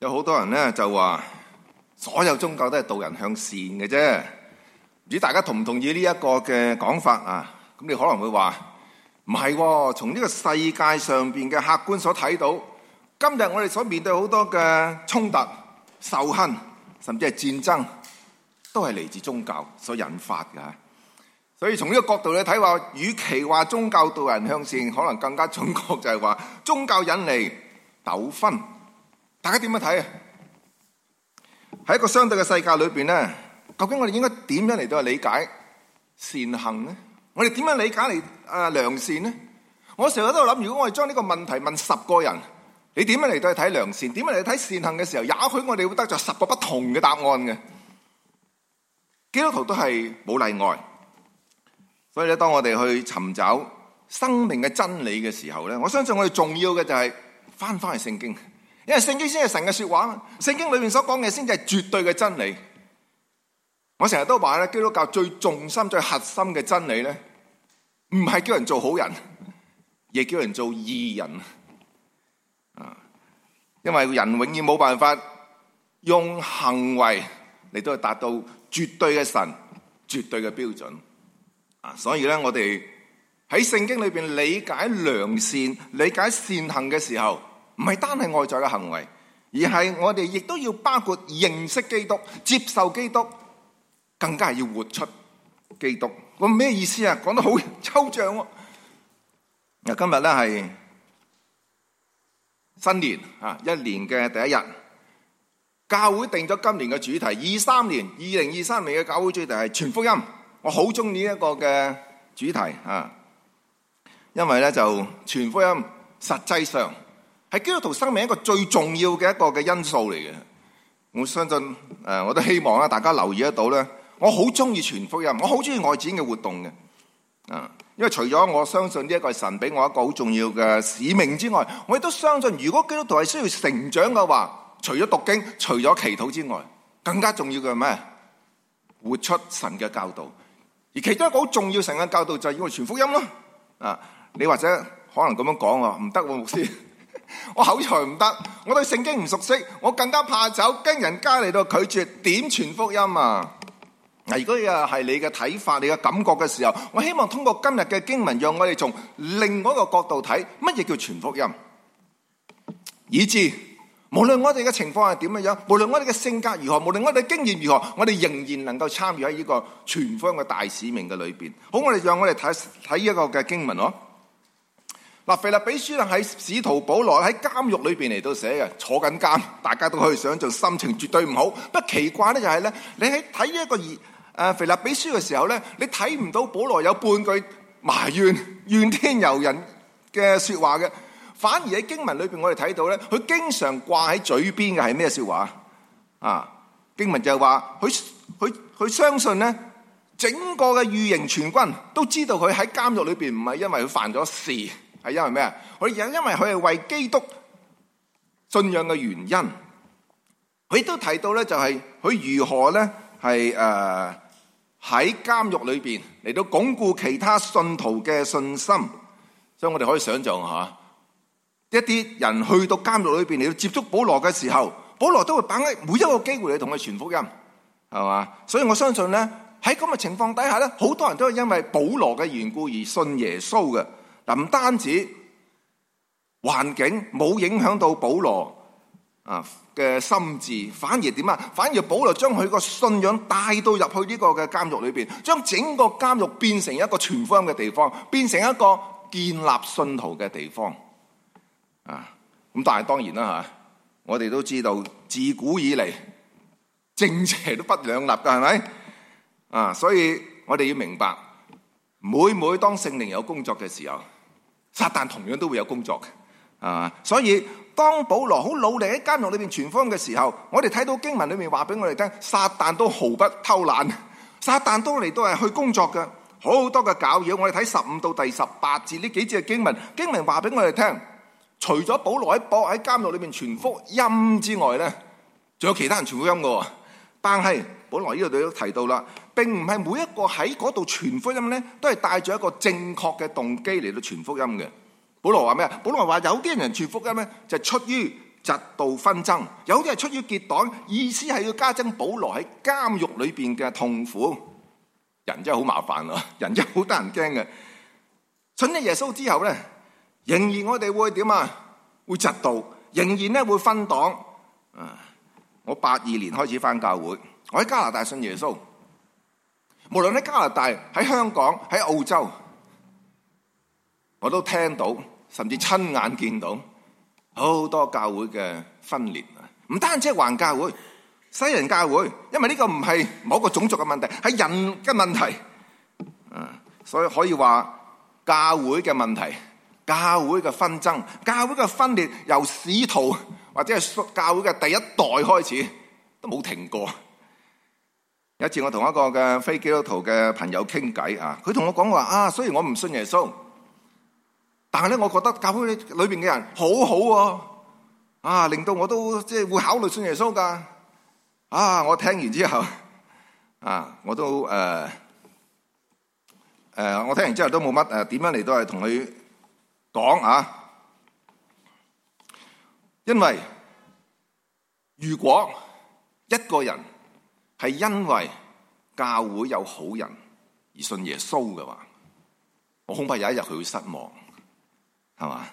有好多人呢，就話，所有宗教都係導人向善嘅啫。唔知大家同唔同意呢一個嘅講法啊？咁你可能會話，唔係從呢個世界上面嘅客觀所睇到，今日我哋所面對好多嘅衝突、仇恨，甚至係戰爭，都係嚟自宗教所引發的。所以從呢個角度嚟睇話，與其話宗教導人向善，可能更加準確就係話宗教引嚟糾紛。大家點樣睇啊？喺一個相對嘅世界裏面咧，究竟我哋應該點樣嚟到去理解善行咧？我哋點樣理解嚟誒良善咧？我成日都喺度諗，如果我哋將呢個問題問十個人，你點樣嚟到去睇良善？點樣嚟睇善行嘅時候，也許我哋會得出十個不同嘅答案嘅。基督徒都係冇例外，所以咧，當我哋去尋找生命嘅真理嘅時候咧，我相信我哋重要嘅就係翻翻去聖經。因為聖經先係神嘅說話，聖經裏面所講嘅先係絕對嘅真理。我成日都話基督教最重心、最核心嘅真理，唔係叫人做好人，亦叫人做義人。因為人永遠冇辦法用行為嚟到達到絕對嘅神、絕對嘅標準。所以呢，我哋喺聖經裏面理解良善、理解善行嘅時候，唔係單係外在嘅行為，而係我哋亦都要包括認識基督、接受基督，更加係要活出基督。咁咩意思啊？講得好抽象。今日呢係新年啊，一年嘅第一日，教會定咗今年嘅主題。二三年，二零二三年嘅教會主題係全福音。我好鍾意呢一個嘅主題啊，因為呢就全福音實際上。係基督徒生命一個最重要嘅一個嘅因素嚟嘅，我相信誒，我都希望啦，大家留意得到咧。我好中意傳福音，我好中意外展嘅活動嘅，啊，因為除咗我相信呢一個係神俾我一個好重要嘅使命之外，我亦都相信，如果基督徒係需要成長嘅話，除咗讀經、除咗祈禱之外，更加重要嘅係咩？活出神嘅教導，而其中一個好重要嘅神嘅教導就係要傳福音啦。啊，你或者可能咁樣講喎，唔得喎，我牧師。我口才唔得，我對聖經唔熟悉，我更加怕走，驚人家來到拒絕，點傳福音啊？如果係你嘅睇法，你嘅感覺嘅時候，我希望通過今日嘅經文，讓我哋從另外一個角度睇乜嘢叫傳福音，以至，無論我哋嘅情況係點樣，無論我哋嘅性格如何，無論我哋經驗如何，我哋仍然能夠參與喺呢個傳福音嘅大使命嘅裏邊。好，我哋讓我哋睇睇呢個嘅經文嗱，腓立比書係使徒保羅喺監獄裏邊嚟到寫嘅，坐緊監，大家都可以想象心情絕對唔好。不過奇怪咧，就係咧，你喺睇呢一個《二誒腓立比書》嘅時候咧，你睇唔到保羅有半句埋怨，怨天尤人嘅說話嘅，反而喺經文裏邊我哋睇到咧，佢經常掛喺嘴邊嘅係咩說話啊？經文就係話，佢佢佢相信咧，整個嘅御營全軍都知道佢喺監獄裏邊唔係因為佢犯咗事。係因為咩啊？佢因因為佢係為基督信仰嘅原因，佢都提到咧，就係佢如何咧係誒喺監獄裏邊嚟到鞏固其他信徒嘅信心。所以我哋可以想象吓，一啲人去到監獄裏邊嚟到接觸保羅嘅時候，保羅都會把握每一個機會嚟同佢傳福音，係嘛。所以我相信咧，喺咁嘅情況底下咧，好多人都係因為保羅嘅緣故而信耶穌嘅。嗱，唔單止環境冇影響到保羅啊嘅心智，反而點啊？反而保羅將佢個信仰帶到入去呢個嘅監獄裏邊，將整個監獄變成一個傳福音嘅地方，變成一個建立信徒嘅地方。啊，咁但係當然啦嚇，我哋都知道自古以嚟正邪都不兩立㗎，係咪？啊，所以我哋要明白，每每當聖靈有工作嘅時候，撒旦同樣都會有工作嘅，啊！Uh, 所以當保羅好努力喺監獄裏邊傳福音嘅時候，我哋睇到經文裏面話俾我哋聽，撒旦都毫不偷懶，撒旦都嚟到係去工作嘅，好多嘅搞嘢。我哋睇十五到第十八節呢幾節嘅經文，經文話俾我哋聽，除咗保羅喺博喺監獄裏邊傳福音之外咧，仲有其他人傳福音嘅喎。但係保羅呢度都提到啦。並唔係每一個喺嗰度傳福音咧，都係帶住一個正確嘅動機嚟到傳福音嘅。保羅話咩啊？保羅話有啲人傳福音咧，就係出於嫉妒紛爭；有啲係出於結黨，意思係要加增保羅喺監獄裏邊嘅痛苦。人真係好麻煩咯，人真係好得人驚嘅。信咗耶穌之後咧，仍然我哋會點啊？會嫉妒，仍然咧會分黨。啊！我八二年開始返教會，我喺加拿大信耶穌。無論喺加拿大、喺香港、喺澳洲，我都聽到，甚至親眼見到好多教會嘅分裂，不唔單止係教會、西人教會，因為呢個唔係某個種族嘅問題，係人嘅問題。所以可以話教會嘅問題、教會嘅紛爭、教會嘅分裂，由使徒或者係教會嘅第一代開始都冇停過。有一次，我同一個嘅非基督徒嘅朋友傾偈，他佢同我講話啊，雖然我唔信耶穌，但係呢我覺得教會裏面嘅人好好喎，啊，令到我都會考慮信耶穌㗎啊。我聽完之後啊，我都、呃呃、我聽完之後都冇乜誒、點、啊、樣嚟都係同佢講啊，因為如果一個人，係因為教會有好人而信耶穌嘅話，我恐怕有一日佢會失望，係嘛？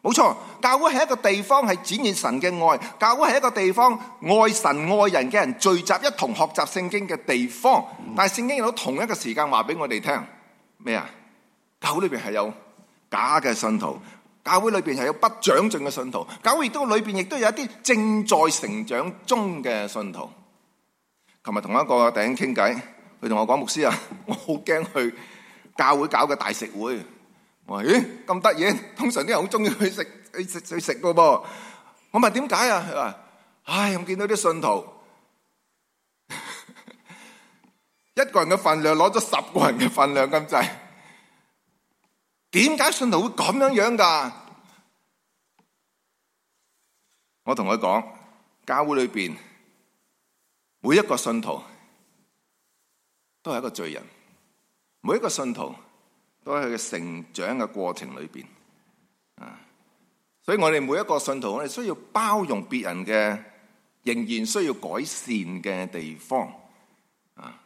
冇錯，教會係一個地方，係展現神嘅愛；教會係一個地方，愛神，愛神愛人嘅人聚集一同學習聖經嘅地方。但係聖經有同一個時間話俾我哋聽咩啊？教會裏邊係有假嘅信徒，教會裏邊係有不長進嘅信徒，教會亦都裏邊亦都有一啲正在成長中嘅信徒。同埋同一個弟兄傾偈，佢同我講，牧師啊，我好驚去教會搞嘅大食會。我話，咦，咁得意？通常啲人好中意去食去食去食嘅噃。我問，點解啊？佢話唉，我見到啲信徒一個人嘅份量攞咗十個人嘅份量咁滯。點解信徒會咁樣樣噶？我同佢講，教會裏邊。每一個信徒都係一個罪人，每一個信徒都喺佢成長嘅過程裏邊啊，所以我哋每一個信徒，我哋需要包容別人嘅仍然需要改善嘅地方啊，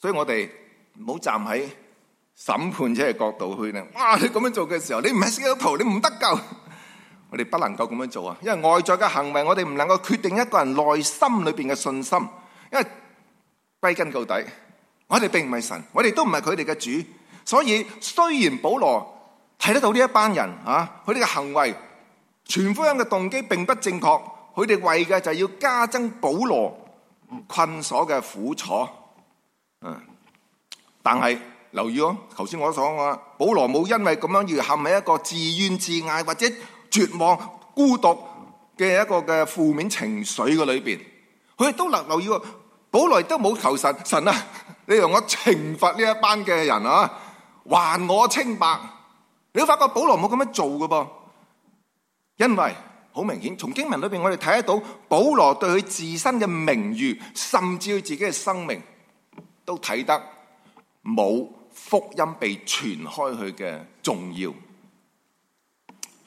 所以我哋唔好站喺審判者嘅角度去呢。哇！你噉樣做嘅時候，你唔係基督徒，你唔得救。我哋不能夠咁樣做啊，因為外在嘅行為，我哋唔能夠決定一個人內心裏面嘅信心。因為歸根到底，我哋並唔係神，我哋都唔係佢哋嘅主。所以雖然保羅睇得到呢一班人啊，佢哋嘅行為、傳福音嘅動機並不正確，佢哋為嘅就係要加增保羅捆鎖嘅苦楚。嗯，但係留意咯，哦，頭先我所講啊，保羅冇因為咁樣而陷喺一個自怨自艾或者。絕望、孤獨嘅一個嘅負面情緒嘅裏邊，佢哋都留留意啊！保羅都冇求神，神啊，你讓我懲罰呢一班嘅人啊，還我清白！你都發覺保羅冇咁樣做㗎噃，因為好明顯，從經文裏邊我哋睇得到保羅對佢自身嘅名譽，甚至佢自己嘅生命都睇得冇福音被傳開去嘅重要。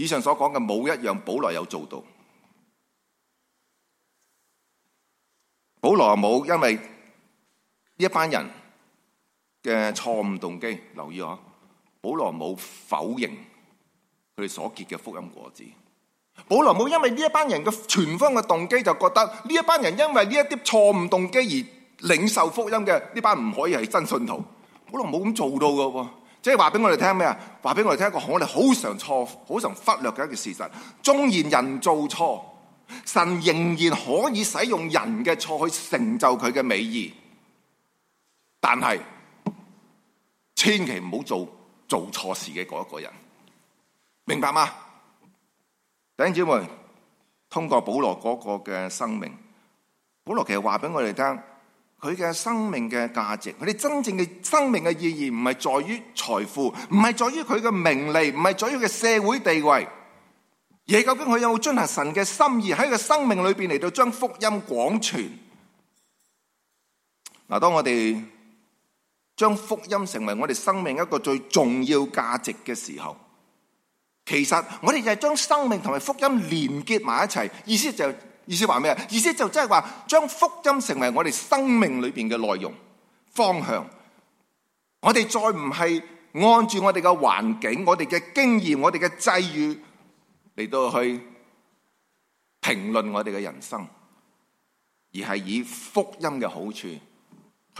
以上所講嘅冇一樣，保羅有做到。保羅冇因為呢一班人嘅錯誤動機，留意啊！保羅冇否認佢哋所結嘅福音果子。保羅冇因為呢一班人嘅全方位動機，就覺得呢一班人因為呢一啲錯誤動機而領受福音嘅，呢班唔可以係真信徒。保羅冇咁做到嘅喎。即係話俾我哋聽咩啊？話俾我哋聽一個我哋好常錯、好常忽略嘅一個事實：縱然人做錯，神仍然可以使用人嘅錯去成就佢嘅美意。但係，千祈唔好做做錯事嘅嗰一個人，明白嗎？弟兄姊妹，通過保羅嗰個嘅生命，保羅其實話俾我哋聽。佢嘅生命嘅價值，佢哋真正嘅生命嘅意義唔係在於財富，唔係在於佢嘅名利，唔係在於佢嘅社會地位。而究竟佢有冇遵行神嘅心意？喺佢嘅生命裏邊嚟到將福音廣傳。嗱，當我哋將福音成為我哋生命一個最重要價值嘅時候，其實我哋就係將生命同埋福音連結埋一齊，意思就。意思話咩啊？意思就即係話，將福音成為我哋生命裏邊嘅內容、方向。我哋再唔係按住我哋嘅環境、我哋嘅經驗、我哋嘅際遇嚟到去評論我哋嘅人生，而係以福音嘅好處去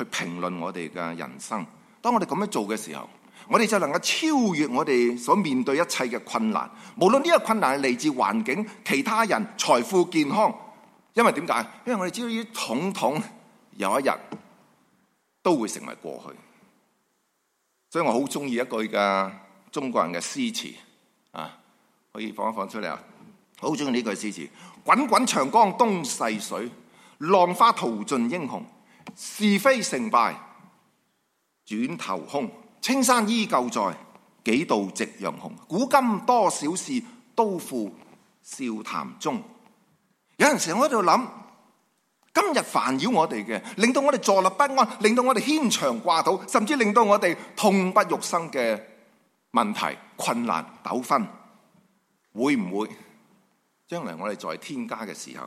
評論我哋嘅人生。當我哋咁樣做嘅時候。我哋就能夠超越我哋所面對一切嘅困難，無論呢個困難係嚟自環境、其他人、財富、健康，因為點解？因為我哋知道呢啲統統有一日都會成為過去。所以我好中意一句嘅中國人嘅詩詞啊，可以放一放出嚟啊！我好中意呢句詩詞：滾滾長江東逝水，浪花淘盡英雄，是非成敗轉頭空。青山依舊在，幾度夕陽紅。古今多少事，都付笑談中。有人成日喺度諗，今日煩擾我哋嘅，令到我哋坐立不安，令到我哋牽腸掛肚，甚至令到我哋痛不欲生嘅問題、困難、糾紛，會唔會將來我哋在天家嘅時候，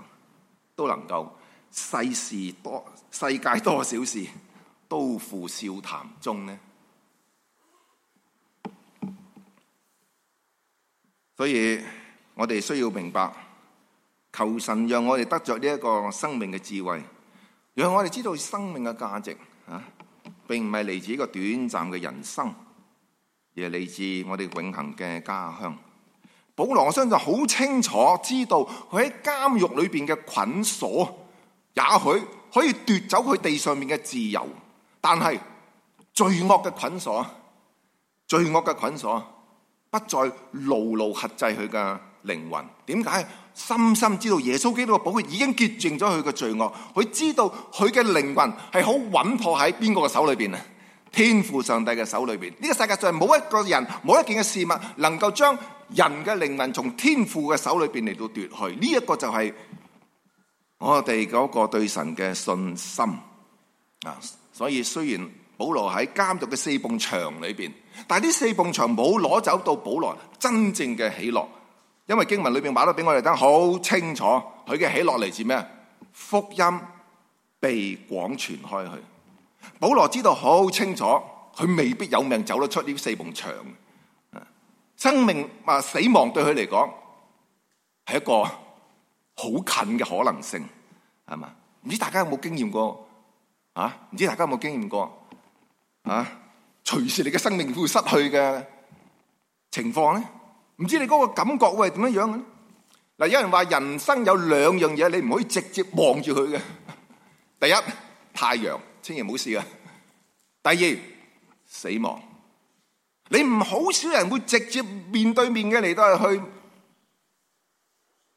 都能夠世事多，世界多少事都付笑談中呢？所以我哋需要明白，求神讓我哋得着呢一個生命嘅智慧，讓我哋知道生命嘅價值啊，並唔係嚟自一個短暫嘅人生，而係嚟自我哋永恆嘅家鄉。保羅我相信好清楚知道，佢喺監獄裏邊嘅捆鎖，也許可以奪走佢地上面嘅自由，但係罪惡嘅捆鎖，罪惡嘅捆鎖。不再牢牢克制佢嘅靈魂，點解？深深知道耶穌基督嘅寶血已經潔淨咗佢嘅罪惡，佢知道佢嘅靈魂係好穩妥喺邊個嘅手裏邊啊？天父上帝嘅手裏邊，呢個世界上冇一個人、冇一件嘅事物能夠將人嘅靈魂從天父嘅手裏邊嚟到奪去。呢一個就係我哋嗰個對神嘅信心啊！所以雖然保羅喺監獄嘅四埲牆裏邊。但係啲四埲牆冇攞走到保羅真正嘅喜樂，因為經文裏邊話得俾我哋聽好清楚，佢嘅喜樂嚟自咩？福音被廣傳開去。保羅知道好清楚，佢未必有命走得出呢四埲牆。啊，生命啊死亡對佢嚟講係一個好近嘅可能性，係嘛？唔知大家有冇經驗過啊？唔知大家有冇經驗過啊？隨時你嘅生命會失去嘅情況呢？唔知你嗰個感覺會係點樣樣呢？有人話人生有兩樣嘢你唔可以直接望住佢嘅，第一太陽，千祈唔好試啊；第二死亡，你唔好少人會直接面對面嘅嚟到去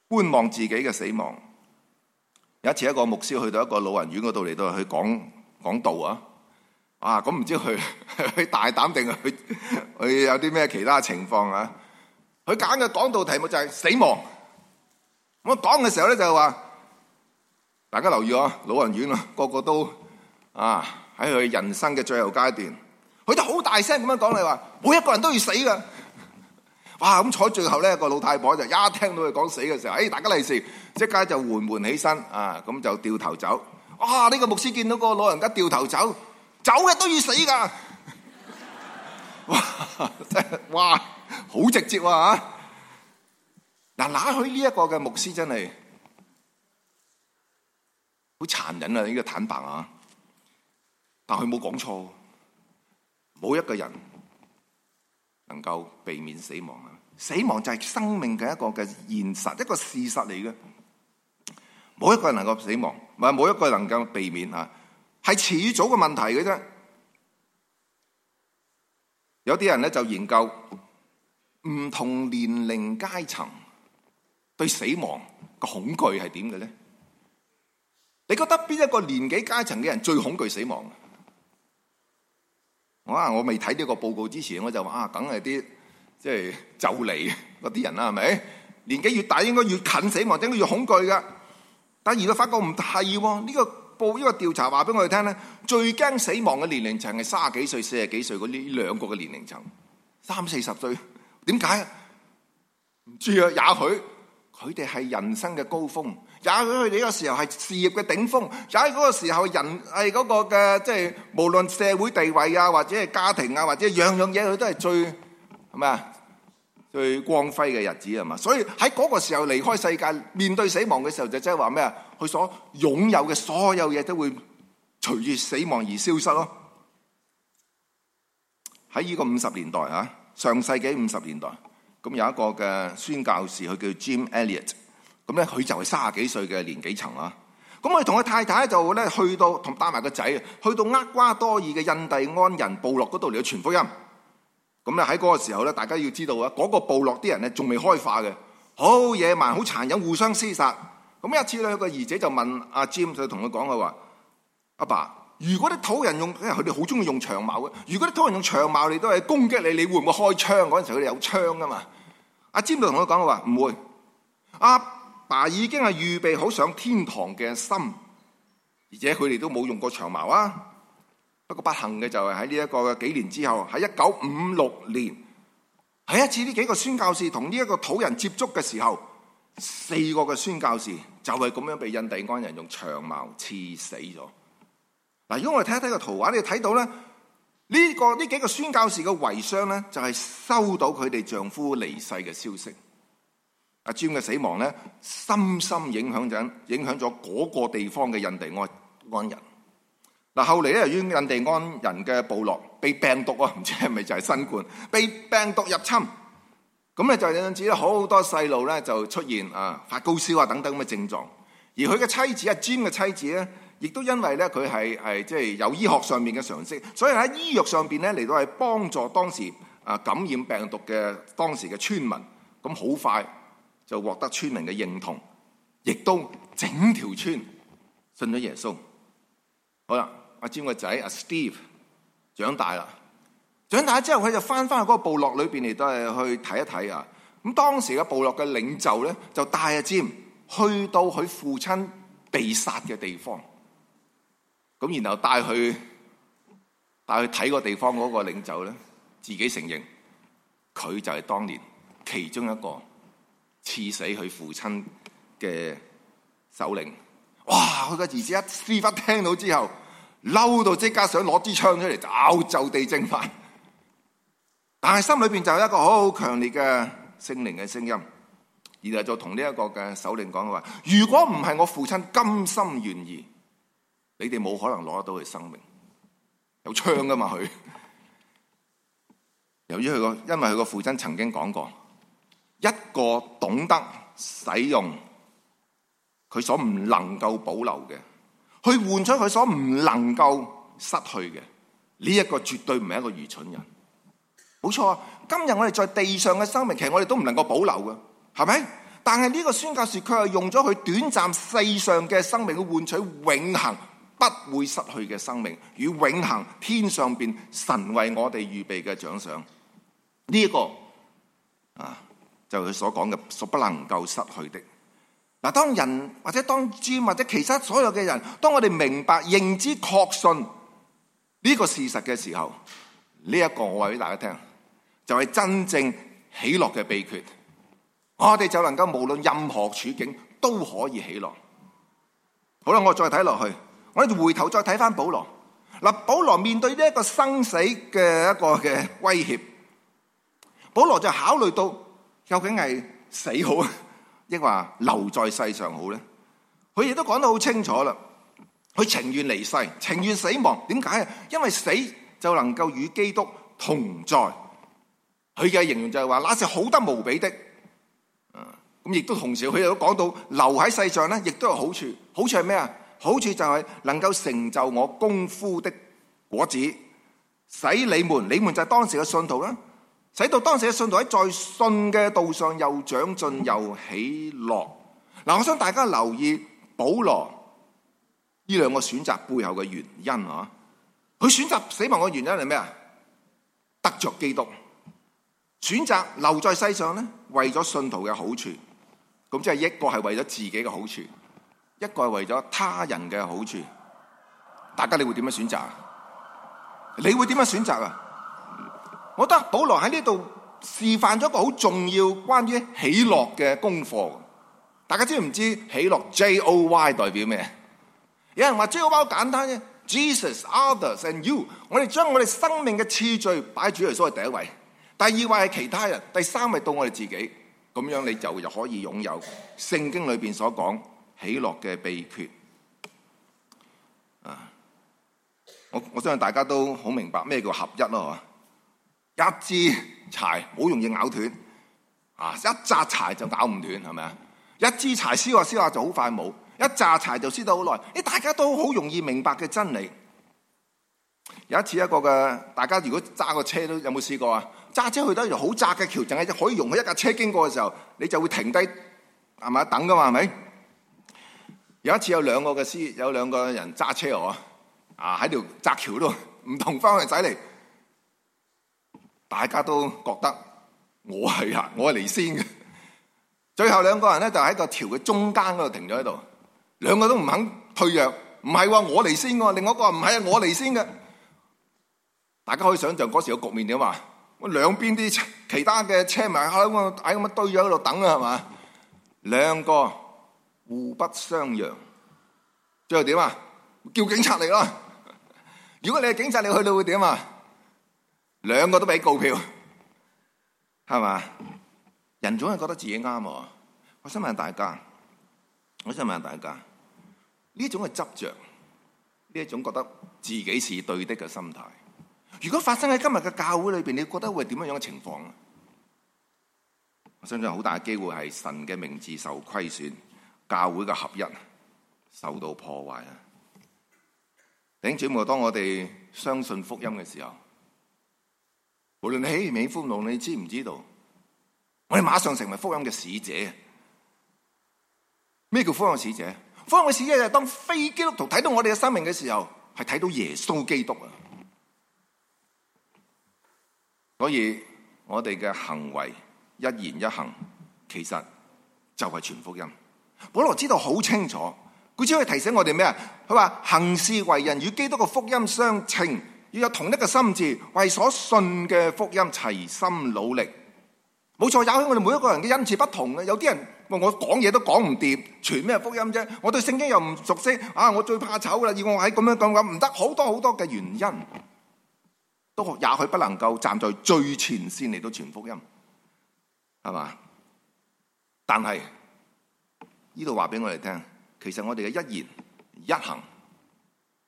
觀望自己嘅死亡。有一次一個牧師去到一個老人院嗰度嚟到去講講道。啊！咁唔知佢佢大膽定佢佢有啲咩其他情況啊？佢揀嘅講道題目就係死亡。我講嘅時候咧就係話，大家留意啊，老人院啊，個個都啊喺佢人生嘅最後階段。佢都好大聲咁樣講你話，每一個人都要死㗎。哇、啊！咁坐最後咧，個老太婆就一聽到佢講死嘅時候，誒、哎、大家利是，即刻就緩緩起身啊，咁就掉頭走。哇、啊！呢個牧師見到個老人家掉頭走。走嘅都要死㗎，哇！真係哇，好直接啊！嗱，哪去呢一個嘅牧師真係好殘忍啊！呢個坦白啊，但佢冇講錯，冇一個人能夠避免死亡啊！死亡就係生命嘅一個嘅現實，一個事實嚟嘅。冇一個人能夠死亡，唔係冇一個人能夠避免。是始早嘅問題嘅啫。有啲人就研究唔同年齡階層對死亡的恐懼係點嘅呢？你覺得邊一個年紀階層嘅人最恐懼死亡？我沒看未睇呢個報告之前，我就話啊，梗係啲即係就嚟嗰啲人啦，係咪？年紀越大應該越近死亡，應該越恐懼嘅。但係而家發覺唔係喎，這個報呢個調查話俾我哋聽咧，最驚死亡嘅年齡層係三十幾歲、四十幾歲嗰呢兩個嘅年齡層，三四十歲，點解啊？唔知啊，也許佢哋係人生嘅高峰，也許佢哋呢個時候係事業嘅頂峰，也許嗰個時候人係嗰個嘅，即係無論社會地位啊，或者係家庭啊，或者樣樣嘢佢都係最係咪啊？最光輝嘅日子係嘛？所以喺嗰個時候離開世界，面對死亡嘅時候，就即係話咩啊？佢所擁有嘅所有嘢都會隨住死亡而消失咯。喺呢個五十年代啊，上世紀五十年代，咁有一個嘅宣教士，佢叫 Jim Elliot，咁咧佢就係三十幾歲嘅年紀層啊。咁佢同佢太太就咧去到同帶埋個仔，去到厄瓜多爾嘅印第安人部落嗰度嚟傳福音。咁咧喺嗰個時候咧，大家要知道啊，嗰、嗰個部落啲人咧仲未開化嘅，好野蠻、好殘忍，互相廝殺。咁一次咧，個兒姐就問阿 Jim，就同佢講：佢話阿爸，如果啲土人用，因為佢哋好中意用長矛嘅。如果啲土人用長矛你都係攻擊你，你會唔會開槍？嗰陣時佢哋有槍噶嘛？阿 Jim 就同佢講：佢話唔會。阿爸已經係預備好上天堂嘅心，而且佢哋都冇用過長矛啊。不過不幸嘅就係喺呢一個幾年之後，喺一九五六年，喺一次呢幾個宣教士同呢一個土人接觸嘅時候。四個嘅宣教士就係咁樣被印第安人用長矛刺死咗。嗱，如果我哋睇一睇個圖畫，你睇到咧呢個呢幾個宣教士嘅遺孀咧，就係收到佢哋丈夫離世嘅消息。阿詹嘅死亡咧，深深影響緊影響咗嗰個地方嘅印第安人。嗱，後嚟咧，由於印第安人嘅部落被病毒啊，我唔知係咪就係新冠，被病毒入侵。咁咧就引致咧好多細路咧就出現啊發高燒啊等等咁嘅症狀，而佢嘅妻子阿 Jim 嘅妻子咧，亦都因為咧佢係係即係有醫學上面嘅常識，所以喺醫藥上面咧嚟到係幫助當時啊感染病毒嘅當時嘅村民，咁好快就獲得村民嘅認同，亦都整條村信咗耶穌。好啦，阿 Jim 個仔阿 Steve 長大啦。長大之後，佢就翻翻去嗰個部落裏邊嚟，都係去睇一睇啊！咁當時嘅部落嘅領袖咧，就帶阿尖去到佢父親被殺嘅地方，咁然後帶去帶去睇個地方嗰個領袖咧，自己承認佢就係當年其中一個刺死佢父親嘅首領。哇！佢個兒子一私忽聽到之後，嬲到即刻想攞支槍出嚟，就就地正法。但係心裏邊就有一個好好強烈嘅聖靈嘅聲音，而係就同呢一個嘅首領講佢話：如果唔係我父親甘心願意，你哋冇可能攞得到佢生命。有槍噶嘛佢？ 由於佢個因為佢個父親曾經講過，一個懂得使用佢所唔能夠保留嘅，去換取佢所唔能夠失去嘅，呢、這、一個絕對唔係一個愚蠢人。冇錯，今日我哋在地上嘅生命，其實我哋都唔能夠保留噶，係咪？但係呢個宣教士，佢係用咗佢短暫世上嘅生命，去換取永恒不會失去嘅生命，與永恒天上邊神為我哋預備嘅獎賞。呢、這個，個啊，就佢所講嘅所不能夠失去的。嗱，當人或者當主或者其他所有嘅人，當我哋明白認知確信呢個事實嘅時候，呢一個我話俾大家聽，就係真正喜樂嘅秘訣，我哋就能夠無論任何處境都可以喜樂。好啦，我再睇落去，我哋回頭再睇翻保羅。嗱，保羅面對呢一個生死嘅一個嘅威脅，保羅就考慮到究竟係死好，抑或留在世上好咧？佢亦都講得好清楚啦，佢情願離世，情願死亡。點解啊？因為死。就能夠與基督同在。佢嘅形容就係話，那是好得無比的。咁亦都同時，佢亦都講到留喺世上咧，亦都有好處。好處係咩啊？好處就係能夠成就我功夫的果子，使你們，你們就係當時嘅信徒啦。使到當時嘅信徒喺在，在信嘅道上又長進又喜樂。嗱，我想大家留意保羅呢兩個選擇背後嘅原因啊。佢選擇死亡嘅原因係咩啊？得着基督，選擇留在世上咧，為咗信徒嘅好處。咁即係一個係為咗自己嘅好處，一個係為咗他人嘅好處。大家你會點樣選擇啊？你會點樣選擇啊？我覺得保羅喺呢度示範咗一個好重要關於喜樂嘅功課。大家知唔知道喜樂 J O Y 代表咩？有人話 J O Y 好簡單啫。Jesus、others and you，我哋將我哋生命嘅次序擺主耶穌喺第一位，第二位係其他人，第三位到我哋自己。咁樣你就就可以擁有聖經裏邊所講喜樂嘅秘訣。啊，我我相信大家都好明白咩叫合一咯，一支柴好容易咬斷，啊，一紮柴就咬唔斷，係咪啊？一支柴燒下燒下就好快冇。一炸柴就黐得好耐，你大家都好容易明白嘅真理。有一次一個嘅，大家如果揸個車都有冇試過啊？揸車去到一條好窄嘅橋，淨係可以容許一架車經過嘅時候，你就會停低，係咪？等噶嘛，係咪？有一次有兩個嘅師，有兩個人揸車哦，啊喺條窄橋度，唔同方向駛嚟，大家都覺得我係啊，我係嚟先嘅。最後兩個人咧就喺個橋嘅中間嗰度停咗喺度。兩個都唔肯退讓，唔係話我嚟先個，另外一個唔係我嚟先嘅。大家可以想象嗰時候個局面點啊？我兩邊啲其他嘅車咪喺堆咗喺度等啊，係嘛？兩個互不相讓，最後點啊？叫警察嚟啦！如果你係警察，你去到會點啊？兩個都俾告票，係嘛？人總係覺得自己啱啊！我想問,問大家，我想問,問大家。呢種執着，呢種覺得自己是對的嘅心態，如果發生喺今日嘅教會裏面，你覺得會點樣樣嘅情況呢？我相信好大嘅機會係神嘅名字受虧損，教會嘅合一受到破壞啊！頂主，當我哋相信福音嘅時候，無論你喜唔喜歡，你知唔知道？我哋馬上成為福音嘅使者？咩叫福音使者？福音嘅旨意係當非基督徒睇到我哋嘅生命嘅時候，係睇到耶穌基督啊！所以我哋嘅行為一言一行，其實就係全福音。保羅知道好清楚，佢只可以提醒我哋咩？佢話行事為人與基督嘅福音相稱，要有同一個心志，為所信嘅福音齊心努力。冇錯，也許我哋每一個人嘅恩賜不同。有啲人。我講嘢都講唔掂，傳咩福音啫？我對聖經又唔熟悉，啊，我最怕醜啦！要我喺咁樣講講，唔得，好多好多嘅原因，都也許不能夠站在最前線嚟到傳福音，係嘛？但係呢度話俾我哋聽，其實我哋嘅一言一行，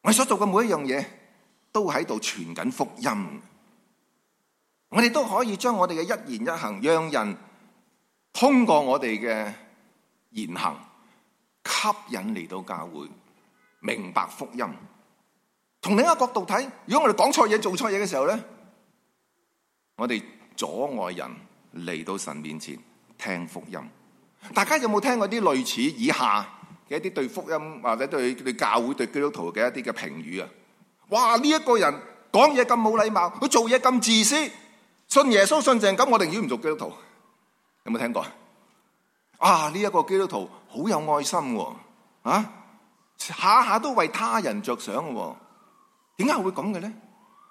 我哋所做嘅每一樣嘢，都喺度傳緊福音。我哋都可以將我哋嘅一言一行，讓人。通過我哋嘅言行吸引嚟到教會，明白福音。從另一個角度睇，如果我哋講錯嘢、做錯嘢嘅時候咧，我哋阻礙人嚟到神面前聽福音。大家有冇聽過啲類似以下嘅一啲對福音或者對對教會、對基督徒嘅一啲嘅評語啊？哇！呢、這、一個人講嘢咁冇禮貌，佢做嘢咁自私，信耶穌信成咁，我哋寧願唔做基督徒。有冇聽過啊？呢一個基督徒好有愛心喎，下下都為他人着想嘅，啊，點解會咁嘅呢？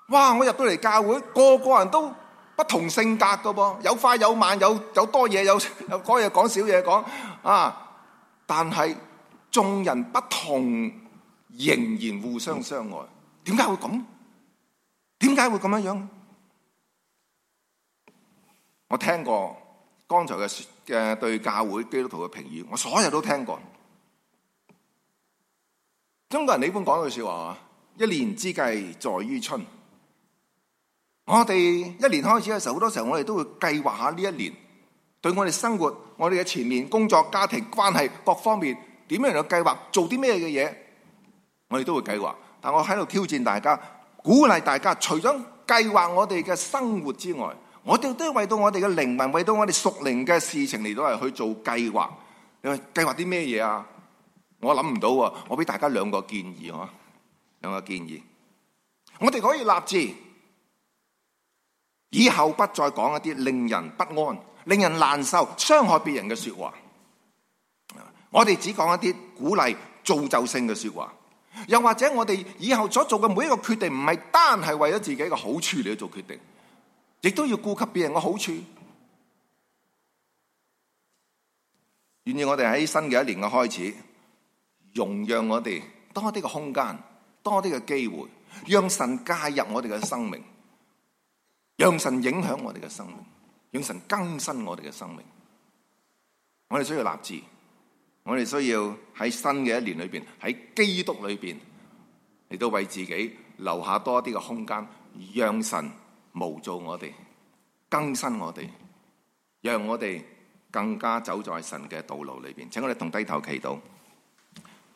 哇！我入到嚟教會，個個人都不同性格嘅噃，有快有慢，有有多嘢，有有講嘢講少嘢講啊！但係眾人不同，仍然互相相愛，點解會咁？點解會咁樣？我聽過。剛才嘅對教會基督徒嘅評語，我所有都聽過。中國人喜歡講句說話，一年之計在於春。我哋一年開始嘅時候，好多時候我哋都會計劃下呢一年，對我哋生活、我哋嘅前面工作、家庭關係各方面，點樣樣計劃，做啲咩嘅嘢，我哋都會計劃。但係我喺度挑戰大家，鼓勵大家，除咗計劃我哋嘅生活之外。我哋都為到我哋嘅靈魂，為到我哋屬靈嘅事情嚟到去做計劃。你話計劃啲咩嘢啊？我諗唔到喎。我俾大家兩個建議，嗬、啊，兩個建議。我哋可以立志，以後不再講一啲令人不安、令人難受、傷害別人嘅說話。我哋只講一啲鼓勵、造就性嘅說話。又或者我哋以後所做嘅每一個決定，唔係單係為咗自己嘅好處嚟做決定。亦都要顧及別人嘅好處，願意我哋喺新嘅一年嘅開始，容讓我哋多啲嘅空間，多啲嘅機會，讓神介入我哋嘅生命，讓神影響我哋嘅生命，讓神更新我哋嘅生命。我哋需要立志，我哋需要喺新嘅一年裏面，喺基督裏面，嚟到為自己留下多啲嘅空間，讓神。無造我哋，更新我哋，讓我哋更加走在神嘅道路裏邊。請我哋同低頭祈禱。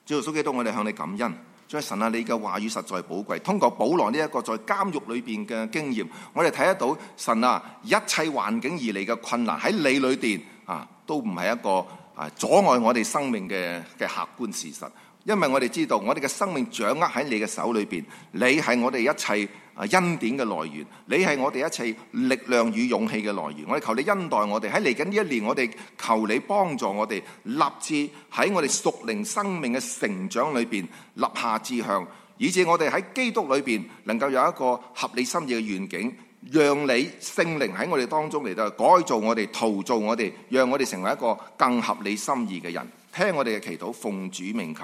主耶穌基督，我哋向你感恩。因為神啊，你嘅話語實在寶貴。通過保羅呢一個在監獄裏邊嘅經驗，我哋睇得到神啊，一切環境而嚟嘅困難喺你裏邊啊，都唔係一個啊阻礙我哋生命嘅嘅客觀事實。因為我哋知道，我哋嘅生命掌握喺你嘅手裏邊，你係我哋一切恩典嘅來源，你係我哋一切力量與勇氣嘅來源。我哋求你恩待我哋喺嚟緊呢一年，我哋求你幫助我哋，立志喺我哋屬靈生命嘅成長裏邊立下志向，以致我哋喺基督裏邊能夠有一個合你心意嘅願景，讓你聖靈喺我哋當中嚟到改造我哋、陶造我哋，讓我哋成為一個更合你心意嘅人。聽我哋嘅祈禱，奉主名求。